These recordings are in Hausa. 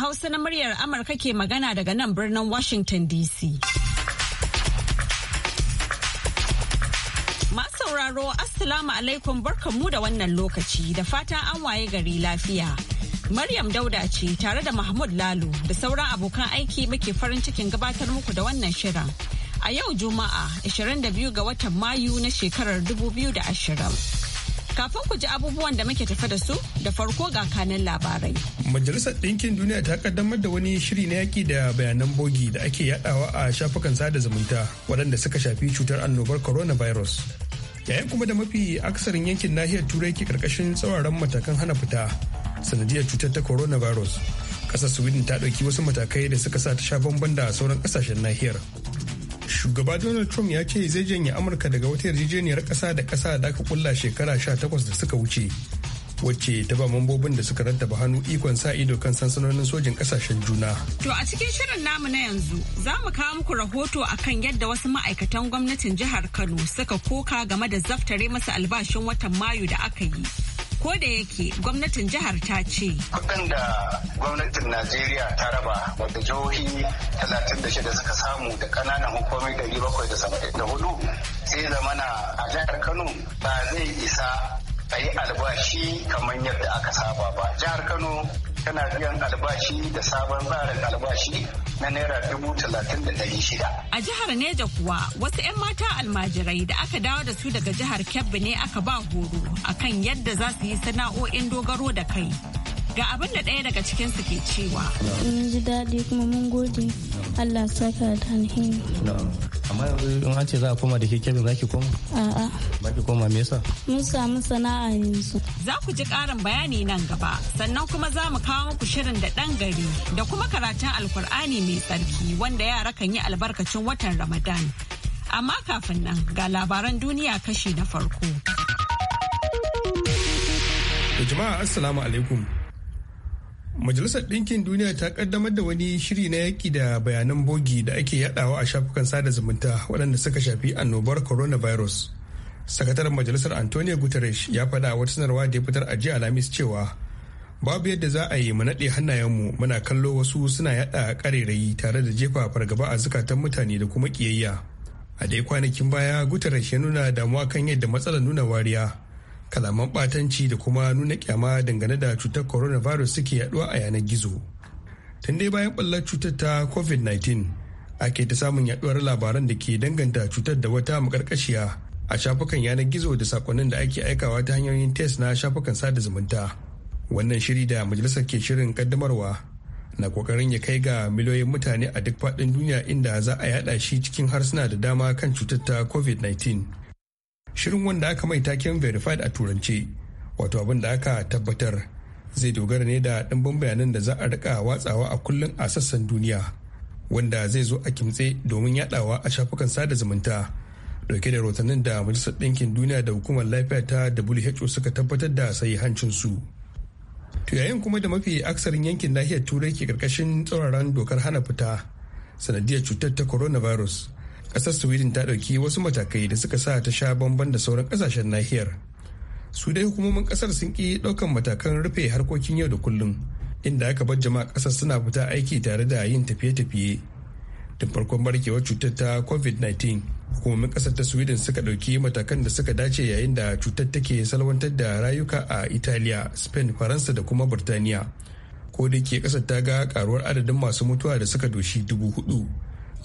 Hausa na muryar Amurka ke magana daga nan birnin Washington DC. Masu sauraro Assalamu alaikum barkanmu da wannan lokaci da fatan an waye gari lafiya. Maryam Dauda ce tare da Mahmud Lalo da sauran abokan aiki muke farin cikin gabatar muku da wannan shirin. A yau Juma'a 22 ga watan Mayu na shekarar 2020. Kafin ku ji abubuwan da muke tafi da su da farko ga kanan labarai. Majalisar Ɗinkin Duniya ta kaddamar da wani shiri na yaƙi da bayanan bogi da ake yaɗawa a shafukan sada zumunta waɗanda suka shafi cutar annobar coronavirus. Yayin kuma da mafi aksarin yankin nahiyar Turai ke karkashin tsauraran matakan hana fita sanadiyar cutar ta coronavirus. Ƙasar Sweden ta ɗauki wasu matakai da suka sa ta sha bamban da sauran ƙasashen nahiyar. shugaba donald trump ya ce zai janye amurka daga wata yarjejeniyar ƙasa da ƙasa da aka kulla shekara sha takwas da suka wuce wacce ta ba mambobin da suka rattaba hannu ikon sa ido kan sansanonin sojin kasashen juna. To a cikin shirin namu na yanzu za mu kawo muku rahoto a kan yadda wasu ma'aikatan gwamnatin jihar Kano suka koka game da zaftare masa albashin watan Mayu da aka yi. ko da yake gwamnatin jihar ta ce. Kudin da gwamnatin Najeriya ta raba wadda jihohi 36 suka samu da kananan hukumomi 774 sai zamana a jihar Kano ba zai isa a yi albashi kamar yadda aka saba ba. Jihar Kano tana biyan albashi da sabon tsarin albashi na naira dubu talatin da dari shida. A jihar Neja kuwa wasu 'yan mata almajirai da aka dawo da su daga jihar Kebbi ne aka ba horo akan yadda za su yi sana'o'in dogaro da kai. Ga abin da ɗaya daga cikin su ke cewa. Mun ji daɗi kuma mun gode Allah saka da alheri. in an ce za a koma da keke za ki koma a'a ba ki koma me yasa mun samu sana'a yanzu za ku ji karin bayani nan gaba sannan kuma za mu kawo muku shirin da ɗan gari da kuma karatun alkur'ani mai tsarki wanda yara kan yi albarkacin watan ramadan amma kafin nan ga labaran duniya kashi na farko jama'a assalamu alaikum Majalisar Ɗinkin Duniya ta kaddamar da wani shiri na yaƙi da bayanan bogi da ake yadawa a shafukan sada zumunta waɗanda suka shafi annobar coronavirus. Sakataren Majalisar Antonio Guterres ya faɗa wata sanarwa da ya fitar a jiya Alhamis cewa babu yadda za a yi mu naɗe hannayenmu muna kallo wasu suna yada ƙarerayi tare da jefa fargaba a zukatan mutane da kuma ƙiyayya. A dai kwanakin baya Guterres ya nuna damuwa kan yadda matsalar nuna wariya kalaman batanci da kuma nuna kyama dangane da cutar coronavirus suke yaduwa a yanar gizo tun dai bayan ballar cutar ta covid-19 ake ta samun yaduwar labaran da ke danganta cutar da wata makarkashiya a shafukan yanar gizo da sakonnin da ake aikawa ta hanyoyin test na shafukan sada zumunta wannan shiri da majalisar ke shirin kaddamarwa na kokarin ya kai ga miliyoyin mutane a duk faɗin duniya inda za a yada shi cikin harsuna da dama kan cutar ta covid-19 shirin wanda aka mai taken verified a turance wato abin da aka tabbatar zai dogara ne da ɗimbin bayanan da za a rika watsawa a kullum a sassan duniya wanda zai zo a kimtse domin yadawa a shafukan sada zumunta dauke da rotannin da majalisar ɗinkin duniya da hukumar lafiya ta who suka tabbatar da hancin su to yayin kuma da mafi aksarin yankin nahiyar turai ke karkashin tsauraran dokar hana fita sanadiyar cutar ta coronavirus kasar sweden ta ɗauki wasu matakai da suka sa ta sha bamban da sauran kasashen nahiyar su dai hukumomin kasar sun ki ɗaukan matakan rufe harkokin yau da kullum inda aka bar jama'a kasar suna fita aiki tare da yin tafiye-tafiye tun farkon barkewar cutar ta covid-19 hukumomin kasar ta sweden suka ɗauki matakan da suka dace yayin da cutar take salwantar da rayuka a italiya spain faransa da kuma burtaniya ko da ke kasar ta ga karuwar adadin masu mutuwa da suka doshi dubu hudu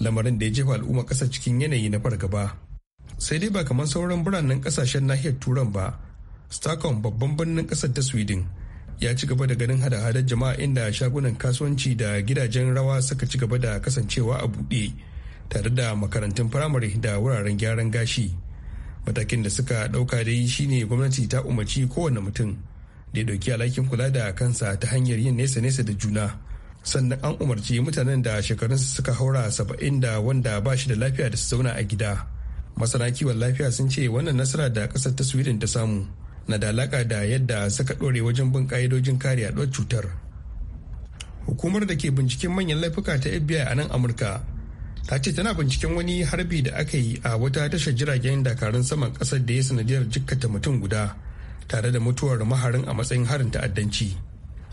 lamarin da ya jefa al'umma ƙasa cikin yanayi na fargaba sai dai ba kamar sauran biranen ƙasashen nahiyar turan ba stockholm babban birnin ƙasar ta sweden ya ci gaba da ganin hada-hadar jama'a inda shagunan kasuwanci da gidajen rawa suka ci gaba da kasancewa a buɗe tare da makarantun firamare da wuraren gyaran gashi matakin da suka ɗauka dai shine gwamnati ta umarci kowane mutum da ya ɗauki alhakin kula da kansa ta hanyar yin nesa-nesa da juna sannan an umarci mutanen da shekarunsu suka haura saba'in da wanda ba shi da lafiya da su zauna a gida masana kiwon lafiya sun ce wannan nasara da kasar ta sweden ta samu na da alaka da yadda suka ɗore wajen bin ka'idojin kare yaɗuwar cutar hukumar da ke binciken manyan laifuka ta fbi a nan amurka ta ce tana binciken wani harbi da aka yi a wata tashar jiragen dakarun saman kasar da ya sanadiyar jikkata mutum guda tare da mutuwar maharin a matsayin harin ta'addanci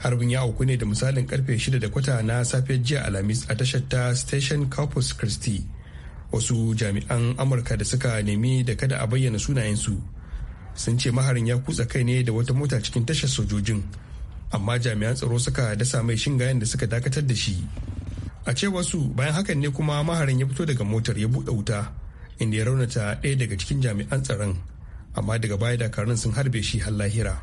harbin ya auku ne da misalin karfe 6 da kwata na safiyar jiya alhamis a tashar ta station corpus christi wasu jami'an amurka da suka nemi da kada a bayyana sunayensu sun ce maharin ya kutsa kai ne da wata mota cikin tashar sojojin amma jami'an tsaro suka dasa mai shingayen da suka dakatar da shi a ce wasu bayan hakan ne kuma maharin ya fito daga motar ya buɗe wuta inda ya raunata ɗaya daga cikin jami'an tsaron amma daga baya dakarun sun harbe shi har lahira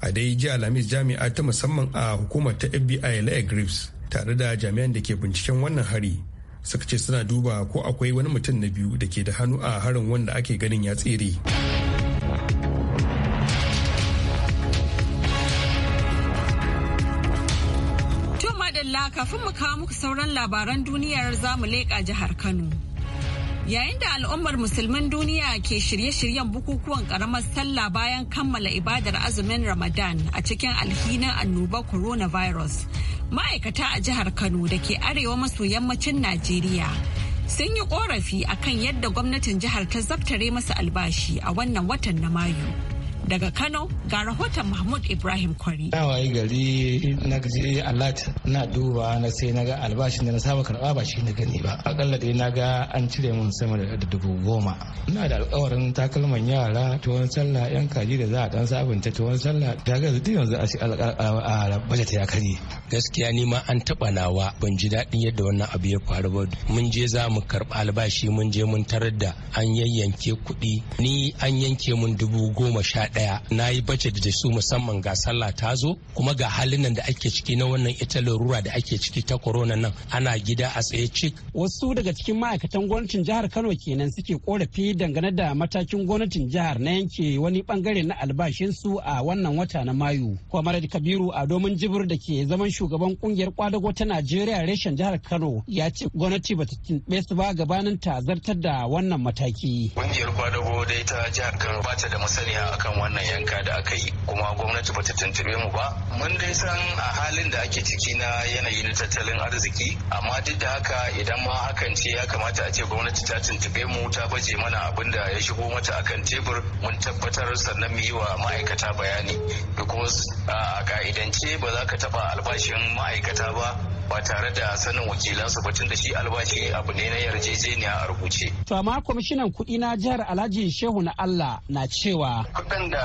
a dai ji alhamis jami'a ta musamman a hukumar ta fbi la'a grips tare da jami'an da ke binciken wannan hari suka ce suna duba ko akwai wani mutum na biyu da ke da hannu a harin wanda ake ganin ya tsere kafin mu kawo muku sauran labaran duniyar zamu leƙa jihar kano Yayin da al'ummar musulman duniya ke shirye-shiryen bukukuwan karamar sallah bayan kammala ibadar azumin Ramadan a cikin alhinin annobar coronavirus. Ma'aikata a jihar Kano da ke arewa maso yammacin Najeriya sun yi korafi akan yadda gwamnatin jihar ta zabtare masa albashi a wannan watan na Mayu. Daga Kano ga rahoton Mahmud Ibrahim Kwari. Na waye gari na gaji alat na duba na sai na ga albashin da na saba karɓa ba shi na gani ba. Akalla dai na ga an cire mun sama da dubu goma. Ina da alƙawarin takalman yara tuwon sallah yan kaji da za a dan sabunta tuwon sallah ta ga duk yanzu a shi ya kare. Gaskiya ni ma an taɓa nawa ban ji daɗin yadda wannan abu ya faru ba. Mun je za mu karɓa albashi mun je mun tarar da an yayyanke kuɗi ni an yanke mun dubu goma sha ɗaya na yi bace da su musamman ga sallah ta zo kuma ga halin nan da ake ciki na wannan ita larura da ake ciki ta corona nan ana gida a tsaye cik. Wasu daga cikin ma'aikatan gwamnatin jihar Kano kenan suke korafi dangane da matakin gwamnatin jihar na yanke wani bangare na albashin su a wannan wata na Mayu. Kwamarar Kabiru a domin jibir da ke zaman shugaban kungiyar kwadago ta Najeriya reshen jihar Kano ya ce gwamnati bata tunɓe su ba gabanin ta zartar da wannan mataki. Kungiyar kwadago dai ta jihar Kano ba ta da masaniya akan wannan yanka da aka yi kuma gwamnati bata tuntube mu ba mun dai san a halin da ake ciki na yanayi na tattalin arziki amma duk da haka idan ma hakan ce ya kamata a ce gwamnati ta tuntube mu ta baje mana abin da ya shigo mata akan tebur mun tabbatar sannan mu yi wa ma'aikata bayani because a ka'idance ba za ka taba albashin ma'aikata ba ba tare da sanin wakilansu ba tunda shi albashi abu ne na yarjejeniya a rubuce. To amma kwamishinan kuɗi na jihar Alhaji Shehu na Allah na cewa. Kuɗin da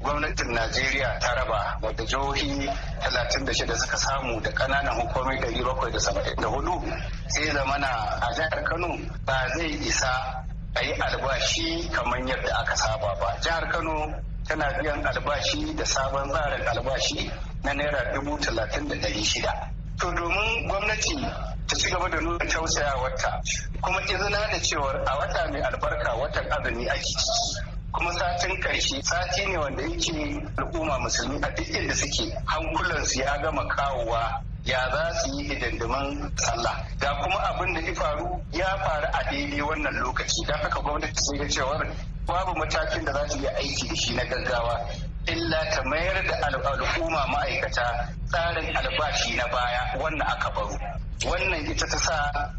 gwamnatin Najeriya ta raba wadda jihohi talatin da shida suka samu da ƙananan hukumomi ɗari bakwai da saba'in da hudu sai zamana a jihar Kano ba zai isa a yi albashi kamar yadda aka saba ba. Jihar Kano tana biyan albashi da sabon tsarin albashi na naira dubu talatin da ɗari shida. to domin gwamnati ta ci gaba da nuna tausayawarta kuma izina da cewar a wata mai albarka watan azumi ake ciki kuma satin karshe sati ne wanda yake al'umma musulmi a duk inda suke hankulansu ya gama kawowa ya za su yi hidindiman sallah da kuma abin da ya faru ya faru a daidai wannan lokaci Da haka gwamnati sai ga cewar babu matakin da za su yi aiki da shi na gaggawa illa ta mayar da al'umma ma'aikata tsarin albashi na baya wannan aka baro wannan ita ta sa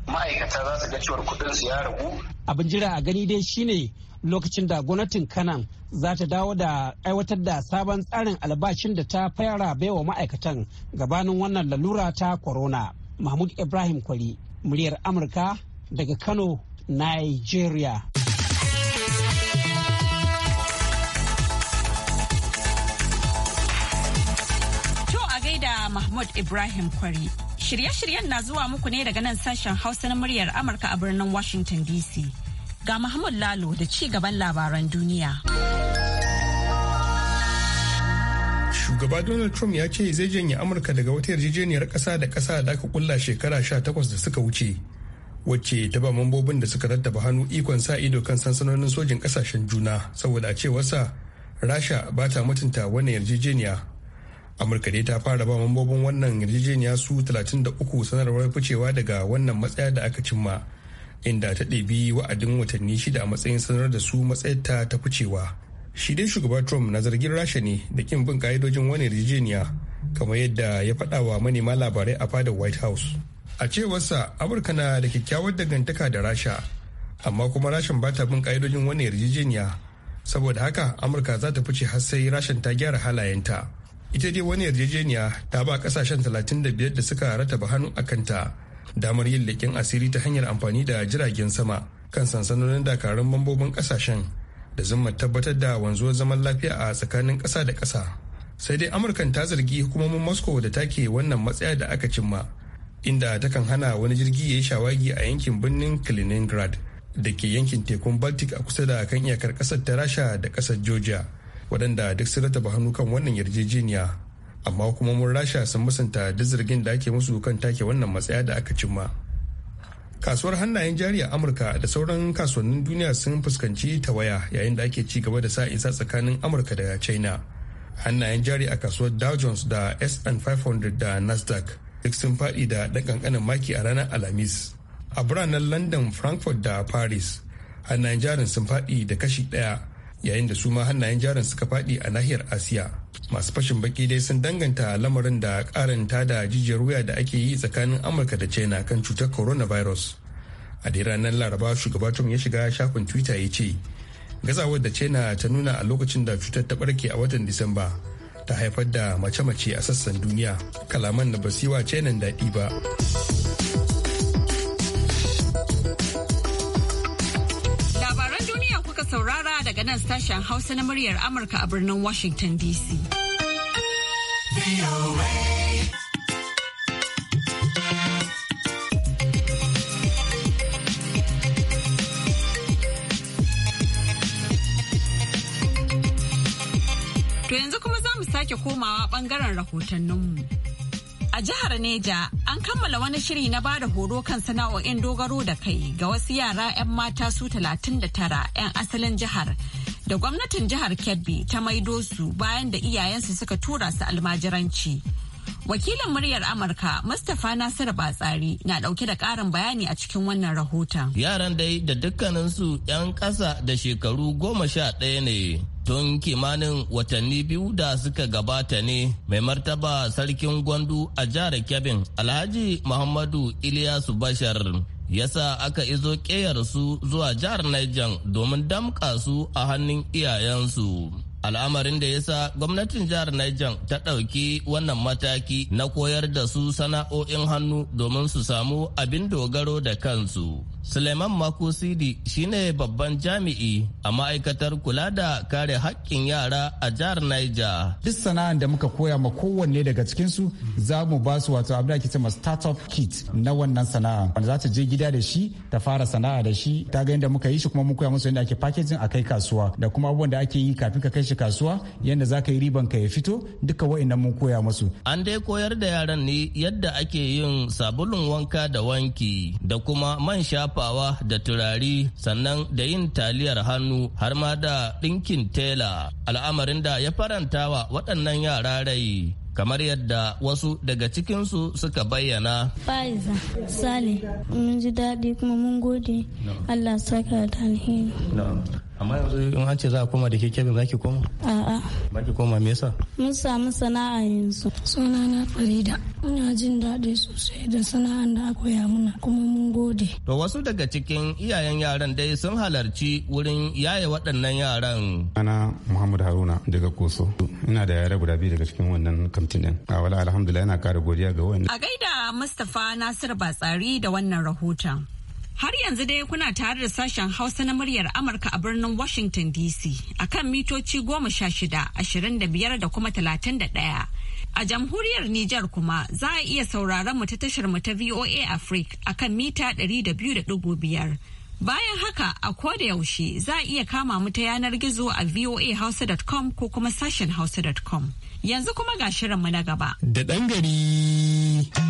ma'aikata za su ga cewar kudin su ya ragu abin jira a gani dai shine lokacin da gwamnatin kanan za ta dawo da aiwatar da sabon tsarin albashin da ta fara baiwa ma'aikatan gabanin wannan lalura ta corona mahmud ibrahim kwari muryar amurka daga kano nigeria Mahmud Ibrahim Kwari. Shirye-shiryen na zuwa muku ne daga nan sashen Hausa na muryar Amurka a birnin Washington DC. Ga Mahmud Lalo da ci gaban labaran duniya. Shugaba Donald Trump ya ce zai janye Amurka daga wata yarjejeniyar ƙasa da ƙasa da aka kulla shekara 18 da suka wuce. wacce ta ba mambobin da suka rattaba hannu ikon sa ido kan sansanonin sojin kasashen juna saboda a cewarsa rasha ba ta mutunta wannan yarjejeniya amurka dai ta fara ba mambobin wannan yarjejeniya su 33 sanarwar ficewa daga wannan matsaya da aka cimma inda ta ɗebi wa'adin watanni shida a matsayin sanar da su matsayarta ta ficewa shi dai shugaba trump na zargin rasha ne da kin bin ka'idojin wani yarjejeniya kamar yadda ya faɗa wa manema labarai a fadar white house a cewarsa amurka na da kyakkyawar dangantaka da rasha amma kuma rashin ba ta bin ka'idojin wani yarjejeniya saboda haka amurka za ta fice har sai rashin ta gyara halayenta ita dai wani yarjejeniya ta ba kasashen 35 da suka rataba hannu a kanta damar yin leƙen asiri ta hanyar amfani da jiragen sama kan sansanonin dakarun mambobin kasashen da zuma tabbatar da wanzuwar zaman lafiya a tsakanin ƙasa da ƙasa sai dai amurkan ta zargi hukumomin moscow da take wannan matsaya da aka cimma inda takan hana wani jirgi ya yi shawagi a yankin birnin kaliningrad da ke yankin tekun baltic a kusa da kan iyakar ƙasar ta rasha da ƙasar georgia waɗanda duk sun rataba hannu kan wannan yarjejeniya amma kuma mun rasha sun musanta duk zargin da ake musu kan take wannan matsaya da aka cimma kasuwar hannayen jari a amurka da sauran kasuwannin duniya sun fuskanci ta waya yayin da ake ci gaba da sa isa tsakanin amurka da china hannayen jari a kasuwar dow jones da s&p 500 da nasdaq duk sun faɗi da ɗan maki a ranar alhamis a biranen london frankfurt da paris hannayen jarin sun faɗi da kashi ɗaya yayin da su ma hannayen jarin suka faɗi a nahiyar asiya masu fashin baki dai sun danganta lamarin da karanta da jijiyar wuya da ake yi tsakanin amurka da china kan cutar coronavirus a dai ranar laraba shugaba trump ya shiga shafin twitter ya ce gazawar da china ta nuna a lokacin da cutar ta barke a watan disamba ta haifar da mace-mace a sassan duniya kalaman da basiwa china daɗi ba. daga nan sashen Hausa na muryar Amurka a birnin Washington DC. To yanzu kuma za mu sake komawa bangaren rahotanninmu. a jihar Neja an kammala wani shiri na bada horo kan sana'o'in dogaro da kai ga wasu yara 'yan mata su 39 'yan asalin jihar da gwamnatin jihar Kebbi ta maido su bayan da iyayensu suka tura su almajiranci. Wakilin muryar Amurka Mustapha Nasiru Batsari na dauke da karin bayani a cikin wannan rahoton. Yaran dai da dukkaninsu 'yan ƙasa da shekaru goma sha ɗaya ne tun kimanin watanni biyu da suka gabata ne mai martaba sarkin gwandu a jihar kebin alhaji muhammadu iliyasu bashar yasa aka izo su zuwa jihar niger domin damƙa su a hannun iyayensu al'amarin da yasa gwamnatin jihar niger ta ɗauki wannan mataki na koyar da su sana'o'in hannu domin su samu abin dogaro da kansu Suleiman Mako Sidi shine babban jami'i a ma'aikatar kula da kare haƙƙin yara a jihar Niger. Duk sana'an da muka koya ma kowanne daga cikinsu za mu ba su wato abin da ake cewa startup kit na wannan sana'a wanda za ta je gida da shi ta fara sana'a da shi ta ga yadda muka yi shi kuma mun koya musu yadda ake packaging a kai kasuwa da kuma abubuwan da ake yi kafin ka kai shi kasuwa yadda za ka yi riban ka ya fito duka wa'annan mun koya musu. An dai koyar da yaran ne yadda ake yin sabulun wanka da wanki da kuma man shafa shafawa da turari sannan da yin taliyar hannu har ma da ɗinkin tela al'amarin da ya faranta wa waɗannan yara rai kamar yadda wasu daga cikinsu suka bayyana. Faiza, Sale, mun ji daɗi kuma mun gode Allah saka da alheri. amma yanzu in an ce za a koma da ke kebin za ki koma a'a ba ki koma me yasa mun samu sana'a yanzu sunana farida ina jin daɗi sosai da sana'a da aka koya muna kuma mun gode to wasu daga cikin iyayen yaran dai sun halarci wurin yaye waɗannan yaran ana muhammad haruna daga koso ina da yare guda biyu daga cikin wannan kamtin a wala alhamdulillah ina kara godiya ga wanda a gaida mustapha nasir batsari da wannan rahoton Har yanzu dai kuna tare da sashen Hausa na muryar Amurka a birnin Washington DC a kan mitoci goma sha shida, ashirin da biyar da kuma talatin da ɗaya. A jamhuriyar Nijar kuma za a iya sauraron mu ta tashar mu ta VOA Africa a kan mita ɗari da biyu da ɗigo biyar. Bayan haka a koda yaushe za a iya kama mu ta yanar gizo a voahausa.com ko kuma sashen hausa.com. Yanzu kuma ga shirinmu na gaba. Da ɗan gari.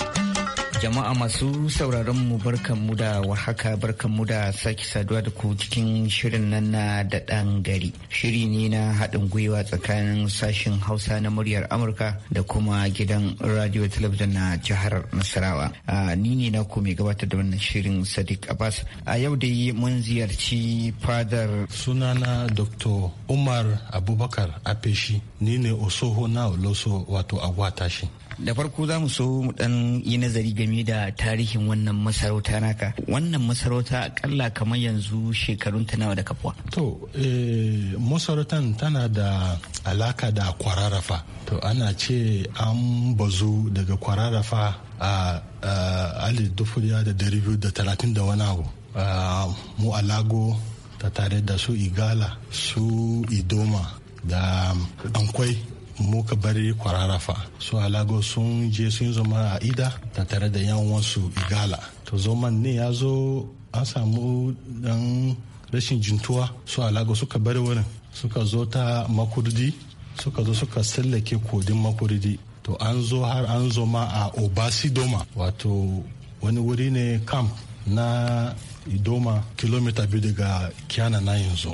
Jama'a masu sauraron mu mu da warhaka mu da sake saduwa da ku cikin shirin nan na da ɗan gari. Shiri ne na haɗin gwiwa tsakanin sashen Hausa na muryar Amurka da kuma gidan radio talabijin na jihar Nasarawa. Ni ne na mai gabatar da wannan shirin Sadiq Abbas. A yau dai mun ziyarci fadar. Sunana Dr. Umar Abubakar Apeshi ni ne Osoho na Oloso wato shi da farko za mu so mu dan yi nazari game da tarihin wannan masarauta naka wannan masarauta akalla kamar yanzu shekarun ta nawa da kafuwa to eh, masarautan tana da alaka da kwararafa. to ana ce an bazu daga kwararrafa a ali dufuriya da dari biyu da talatin da wani abu mu alago ta tare da su igala su idoma da ankwai muka bari kwararrafa su alago sun je sun zama a ida tare da yan wasu igala to zoman ne ya zo an samu dan rashin jintuwa su alago suka bari wurin suka zo ta makurdi suka zo suka sallake kodin makurdi to an zo har an zo ma a obasidoma wato wani wuri ne camp na idoma kilomita biyu daga kiana na yanzu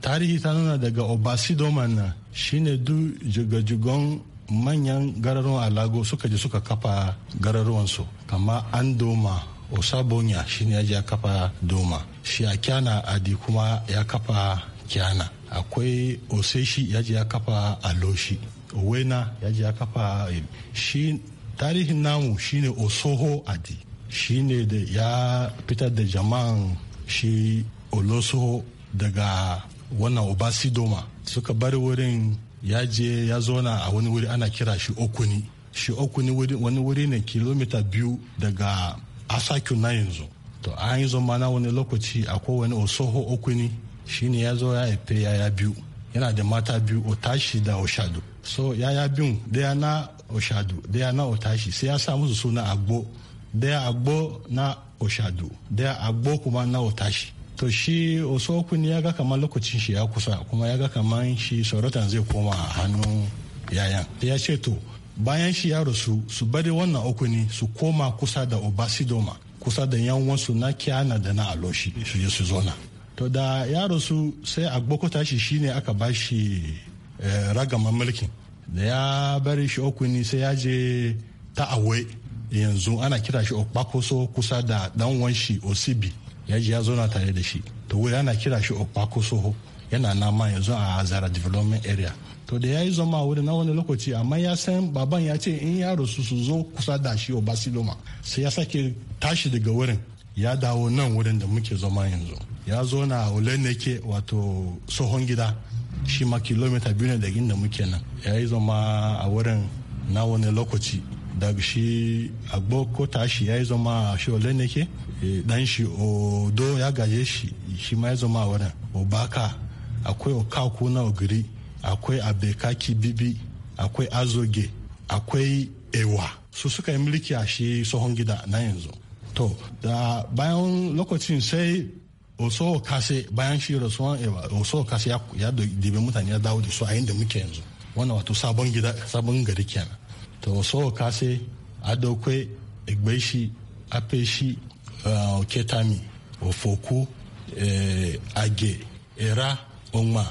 tarihi ta nuna daga Obasidoman na shine duk jigajigon manyan gararon alago suka je suka kafa gararuwansu kama an doma osabonya shine ya kafa doma shi a kyana adi kuma ya kafa kyana akwai oseshi ya ji ya kafa aloshi owena ya ji ya kafa shi tarihin namu shine osoho adi shine da ya fitar da jama'an shi olosoho daga wannan obasidoma suka bar wurin ya je ya zauna a wani wuri ana kira shi okuni shi okuni wani wuri ne kilomita biyu daga asakyu na yanzu to an yi zama na wani lokaci akwai wani osoho okuni shi ne ya zo ya haife yaya biyu yana da mata biyu otashi da oshadu so yaya biyun daya na oshadu daya na otashi sai ya sa musu suna agbo daya agbo na oshadu daya agbo kuma na otashi to shi osokun ya ga kamar lokacin shi ya kusa kuma ya ga kamar shi sauratan zai koma a hannun yayan ya ce to bayan shi ya rasu su bari wannan okuni su koma kusa da obasidoma kusa da yanwansu na kiana da na aloshi su je su zona to da ya rasu sai a gbokota shi shine aka ba shi eh, ragaman mulkin da ya bari shi okuni sai ya je ta awe yanzu ana kira shi okpakoso kusa da dan osibi ya ji ya zauna tare da shi to wuri ana kira shi opako soho yana nama yanzu a zara development area to da ya yi zama wuri na wani lokaci amma ya san baban ya ce in yaro su su zo kusa da shi obasiloma sai ya sake tashi daga wurin ya dawo nan wurin da muke zama yanzu ya zo na oleneke wato tsohon gida shi ma kilomita biyu ne daga inda muke nan ya yi zama a wurin na wani lokaci daga shi agbo ko tashi ya yi zama a shi ke. E, dan shi odo ya gaje shi shi ma ya zama wannan obaka akwai okaku na ogiri akwai abekaki bibi akwai azoge akwai ewa su suka yi mulki a shi tsohon gida na yanzu to da bayan lokacin sai oso kase bayan shi rasuwan ewa oso kase ya dibe mutane ya dawo da su a inda muke yanzu wannan wato sabon gida sabon gari kenan to oso kase adokwe egbe shi afe shi Eh, oketami ofoku eh, age era onwa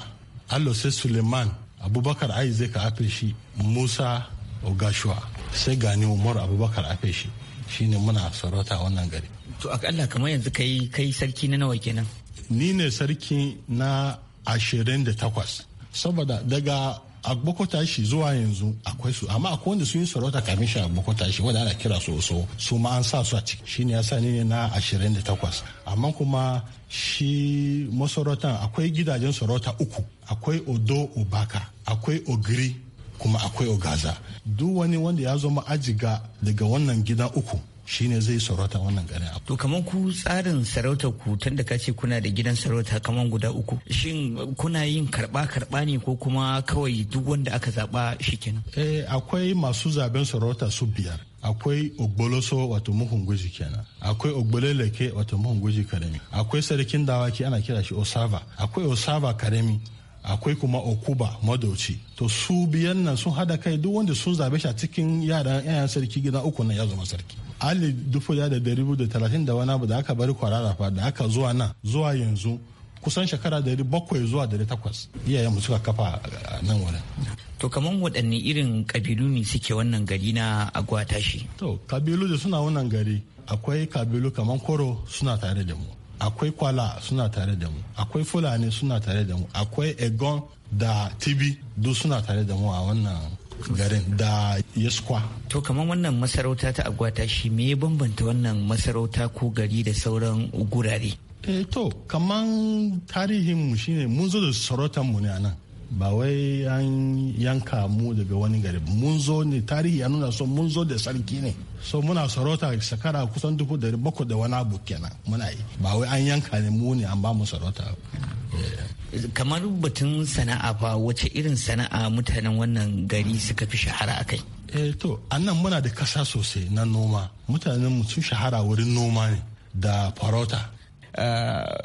alose suleiman abubakar isaac shi musa ogashua sai gani umar abubakar afeshi shine muna sarauta wannan gari to akalla kamar yanzu kai kai sarki na nawa kenan ni ne sarki na ashirin da takwas saboda daga agboko tashi zuwa yanzu akwai su amma akwai wanda sun yi sarauta kamin shi agboko tashi wanda ana kira su so su ma an sa su a ciki shine yasa ne na ashirin da 28 amma kuma shi masarautar akwai gidajen sarauta uku akwai odo obaka akwai ogiri kuma akwai ogaza duk wani wanda ya zama ajiga daga wannan gida uku shine zai sarauta wannan garin to kamar ku tsarin sarauta ku tun da kace kuna da gidan sarauta kamar guda uku shin kuna yin karba karba ne ko kuma kawai duk wanda aka zaba kenan? eh akwai masu zaben sarauta su biyar akwai ogboloso wato muhun guji kenan akwai ogboleleke wato muhun guji karemi akwai sarkin dawaki ana kira shi osava akwai osava karemi akwai kuma okuba madauci to su biyan nan sun hada kai duk wanda sun zabe shi a cikin yaran yayan sarki gida uku na ya zama sarki ali dubu da dari da talatin da wani abu da aka bari kwarara fa da aka zuwa nan zuwa yanzu kusan shekara dari bakwai zuwa dari takwas iyayenmu suka kafa a nan wurin. To kamar waɗanne irin kabilu ne suke wannan gari na agwatashi? To kabilu da suna wannan gari akwai kabilu kamar koro suna tare da mu. Akwai kwala suna tare da mu. Akwai fulani suna tare da mu. Akwai egon da tibi duk suna tare da mu a wannan garin da yaskwa to kamar wannan masarauta ta agwata shi me ya bambanta wannan masarauta ko gari da sauran gurare E to kaman tarihinmu shine mun zo da sarautar mu ne nan ba wai an yanka mu daga wani gari mun zo ne tarihi ya nuna so mun zo da sarki ne so muna sarauta shekara kusan dubu da bakwai da wani abu kenan muna yi ba wai an yanka ne mu ne an ba mu sarauta kamar batun sana'a ba wace irin sana'a mutanen wannan gari suka fi shahara a kai eh to annan muna da kasa sosai na noma mutanen mu sun shahara wurin noma ne da farauta Eh,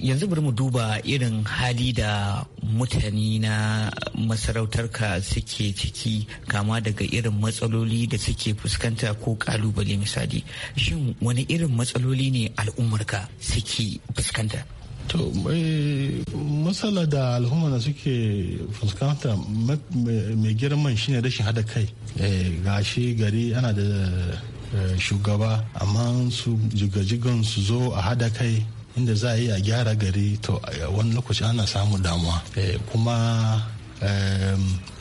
yanzu bari mu duba irin hali da mutane na masarautarka suke ciki kama daga irin matsaloli da suke fuskanta ko kalubale misali shin wani irin matsaloli ne al'ummarka suke fuskanta to matsala da al'umma suke fuskanta mai girman shine rashin hada kai eh, gashi gari ana da Eh, shugaba amma su jigajigan su zo a hada kai inda za a yi a gyara gari to eh, wani lokaci ana samu damuwa eh, kuma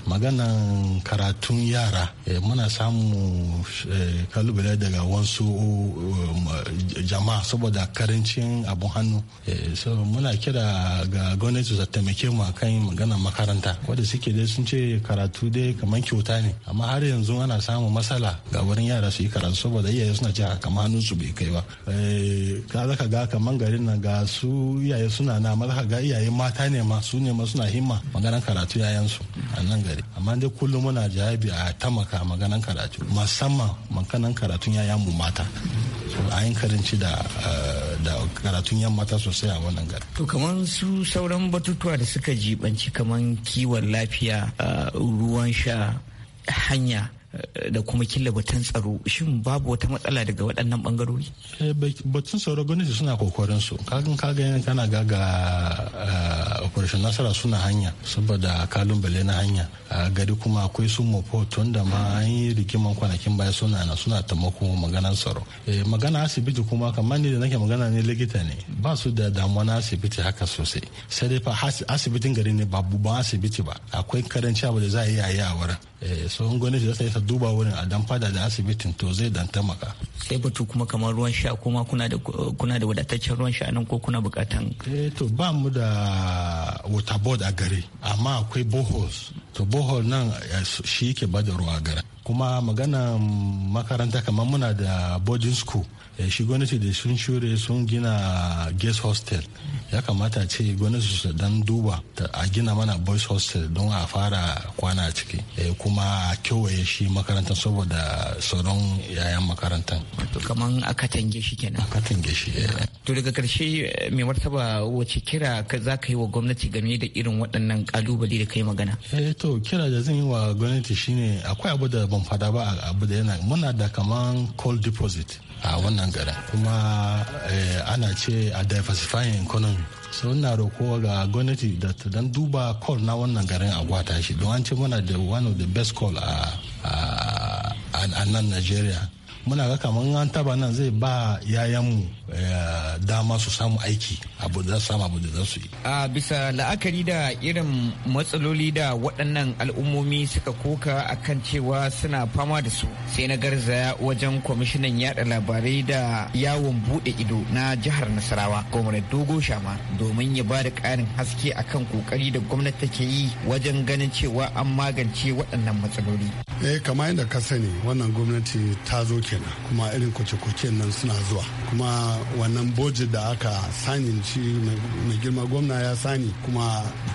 maganan karatun yara eh, muna samu eh, kalubale daga wasu um, jama'a saboda karancin abun hannu eh, so muna kira ga gwamnati su taimake mu kan maganan makaranta wanda suke dai sun ce karatu dai kamar kyauta ne amma har yanzu ana samu matsala ga wurin yara su yi karatu saboda iyaye suna cewa kamar hannun su bai kai ba ka zaka ga kamar garin nan ga su iyaye suna na amma zaka ga iyaye mata ne ma su ne ma suna himma maganan karatu yayansu a nan dare amma dai kullum muna jawabi a tamaka maganan karatu musamman maganan karatun yaya mu mata a yin karanci eh, da karatun yan mata sosai a wannan gari. To kamar su sauran batutuwa da suka jibanci kamar kiwon lafiya eh, ruwan sha hanya da kuma killa batun tsaro shin babu wata matsala daga waɗannan bangarori? Eh, batun tsaro gwamnati suna kokarin su kagan kaga kana gaga eh, operation nasara suna hanya saboda kalun bale na hanya gari kuma akwai su mafo tun da ma an yi rigiman kwanakin baya suna na suna taimako maganar tsaro eh, magana asibiti kuma kamar ni da nake magana ne likita ne ba su da damuwa na asibiti haka sosai sai dai fa asibitin gari ne ba ban asibiti ba akwai karanci abu da za a yi a yi a wurin so gwamnati za ta yi duba wurin a dan fada da asibitin to zai dan maka. sai batu kuma kamar ruwan sha kuma kuna da kuna wadataccen ruwan sha nan ko kuna bukatan eh to ba mu da water board a gari amma akwai boreholes to borehole nan eh, shi yake bada ruwa a gari kuma magana makaranta kamar muna da boarding school eh, shi gwamnati da sun shure sun gina guest hostel ya kamata ce gwamnati su dan duba a gina mana boys hostel don a fara kwana ciki eh, kuma a kewaye shi makarantar saboda sauran yayan makarantar kaman a katange shi kenan a katange shi eh. to daga karshe mai martaba wace kira za ka yi wa gwamnati game da irin waɗannan kalubale da kai magana e to kira da zan yi wa gwamnati shine akwai abu da ban ban fada ba abu da yana muna da kaman coal deposit a wannan garin kuma eh, ana ce a diversifying economy so ina roko ga gwamnati da ta dan duba call na wannan garin a gwata shi don an ce muna da one of the best call a nan nigeria muna ga kamar an taba nan zai ba yayanmu eh, dama su samu aiki abu da samu abu da za su yi a bisa la'akari da irin matsaloli da waɗannan al'ummomi suka koka akan cewa suna fama da su sai na garzaya wajen kwamishinan yada labarai da yawon buɗe ido na jihar nasarawa gwamnati dogo shama domin ya ba da ƙarin haske akan kokari da gwamnati take yi wajen ganin cewa an magance waɗannan matsaloli eh kamar yadda ka sani wannan gwamnati ta zo kenan kuma irin kwace-kwace nan suna zuwa kuma wannan bojin da aka sani shi mai girma gwamna ya sani kuma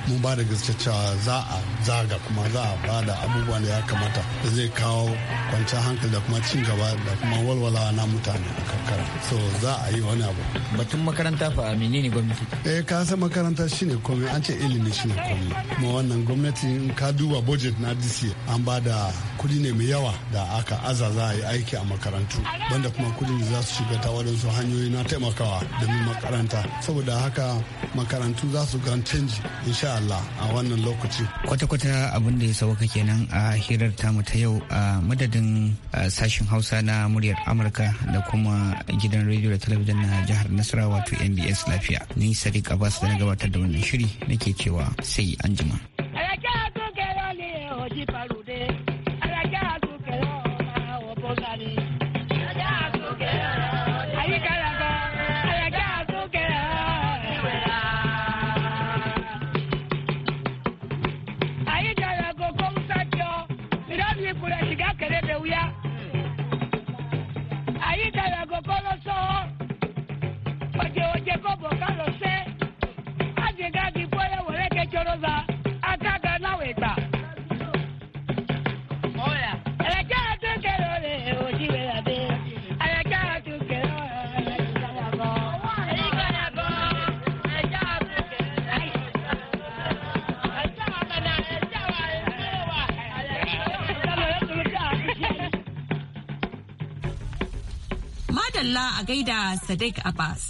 mun ba da gaske cewa za a zaga kuma za a ba da abubuwan da ya kamata da zai kawo kwanciyar hankali da kuma cin gaba da kuma walwala na mutane a karkara so za a yi wani abu batun makaranta fa menene gwamnati eh ka san makaranta shine komai an ce ilimi shine komai kuma wannan gwamnati in ka duba budget na dc an ba da kudi ne mai yawa da aka aza za a yi aiki a makaranta makarantu banda kuma kudin za su shiga ta waɗansu hanyoyi na taimakawa domin makaranta saboda haka makarantu za su gan canji insha Allah a wannan lokaci. Kwata-kwata abin da ya sauka kenan a hirar mu ta yau a madadin sashen Hausa na muryar Amurka da kuma gidan rediyo da talabijin na jihar Nasarawa wato MBS lafiya. Ni Sadiq Abbas da na gabatar da wannan shiri nake cewa sai anjima. Madalla a gaida Sadiq Abbas.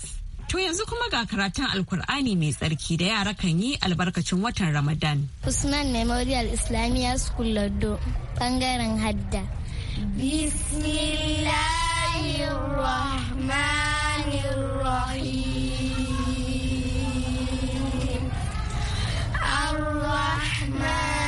To yanzu kuma ga karatun Alkur'ani mai tsarki da yara kan yi albarkacin watan Ramadan. Usman Memorial Islamiyya School Lado, bangaren Hadda. Bismillahirrahmanirrahim. Ar-Rahman.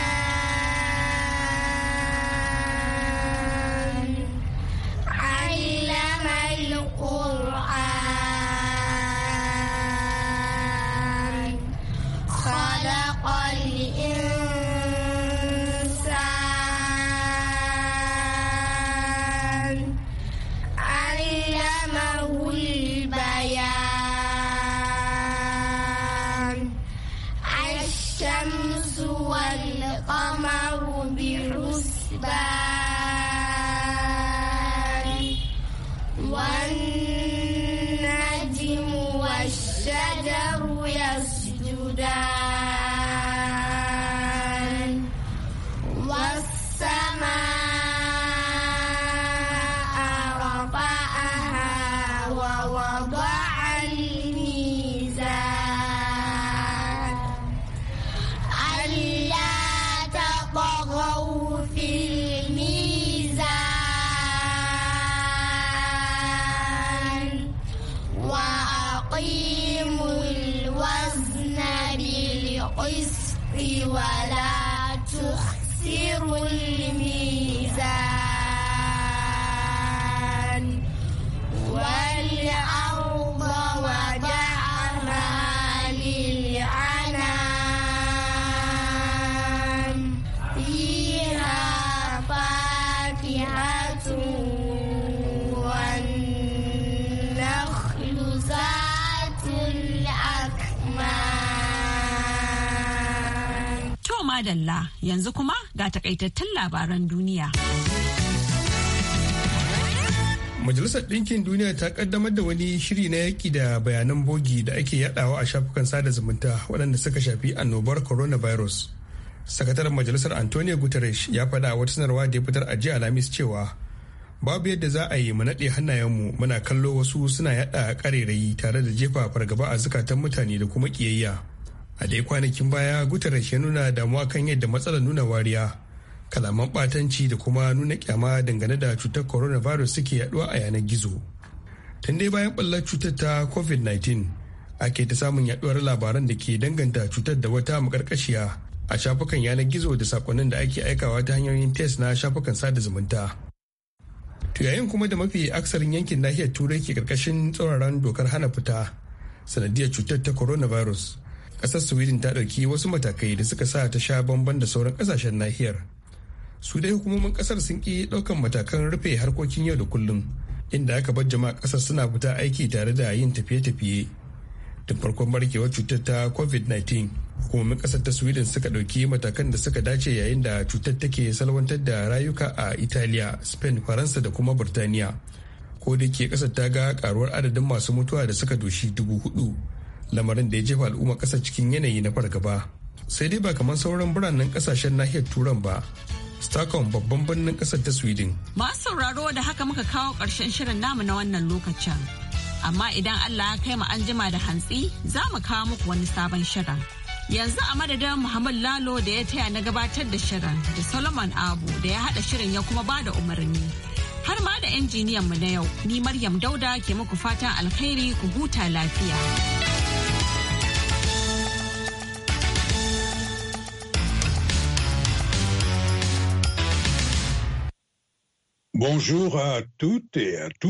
yanzu kuma ga takaitattun labaran duniya. Majalisar Ɗinkin Duniya ta ƙaddamar da wani shiri na yaƙi da bayanan bogi da ake yadawa a shafukan sada zumunta waɗanda suka shafi annobar coronavirus. Sakataren Majalisar Antonio Guterres ya faɗa wata sanarwa da ya fitar a jiya Alhamis cewa babu yadda za a yi mu naɗe hannayenmu muna kallo wasu suna yaɗa ƙarerayi tare da jefa fargaba a zukatan mutane da kuma ƙiyayya. a dai kwanakin baya guterres ya nuna damuwa kan yadda matsalar nuna wariya kalaman batanci da kuma nuna kyama dangane da cutar coronavirus suke yaduwa a yanar gizo tun dai bayan ballar cutar ta covid-19 ake ta samun yaduwar labaran da ke danganta cutar da wata makarkashiya a shafukan yanar gizo da sakonnin da ake aikawa ta hanyoyin test na shafukan sada zumunta to yayin kuma da mafi aksarin yankin nahiyar turai ke karkashin tsauraran dokar hana fita sanadiyar cutar ta coronavirus kasar sweden ta ɗauki wasu matakai da suka sa ta sha bamban da sauran ƙasashen nahiyar su dai hukumomin ƙasar sun ƙi ɗaukan matakan rufe harkokin yau da kullum inda aka bar jama'a ƙasar suna fita aiki tare da yin tafiye-tafiye tun farkon barkewar cutar ta covid-19 hukumomin ƙasar ta sweden suka ɗauki matakan da suka dace yayin da cutar take salwantar da rayuka a italiya spain faransa da kuma burtaniya ko da ke ƙasar ta ga karuwar adadin masu mutuwa da suka doshi dubu hudu lamarin da ya jefa al'umma ƙasar cikin yanayi na fargaba sai dai ba kamar sauran biranen ƙasashen nahiyar turan ba stockholm babban birnin ƙasar ta sweden masu sauraro da haka muka kawo ƙarshen shirin namu na wannan lokacin amma idan allah ya kai mu an jima da hantsi za mu kawo muku wani sabon shirin yanzu a madadin muhammad lalo da ya taya na gabatar da shirin da solomon abu da ya haɗa shirin ya kuma bada umarni har ma da injiniyan mu na yau ni maryam dauda ke muku fatan alkhairi ku huta lafiya. Bonjour à toutes et à tous.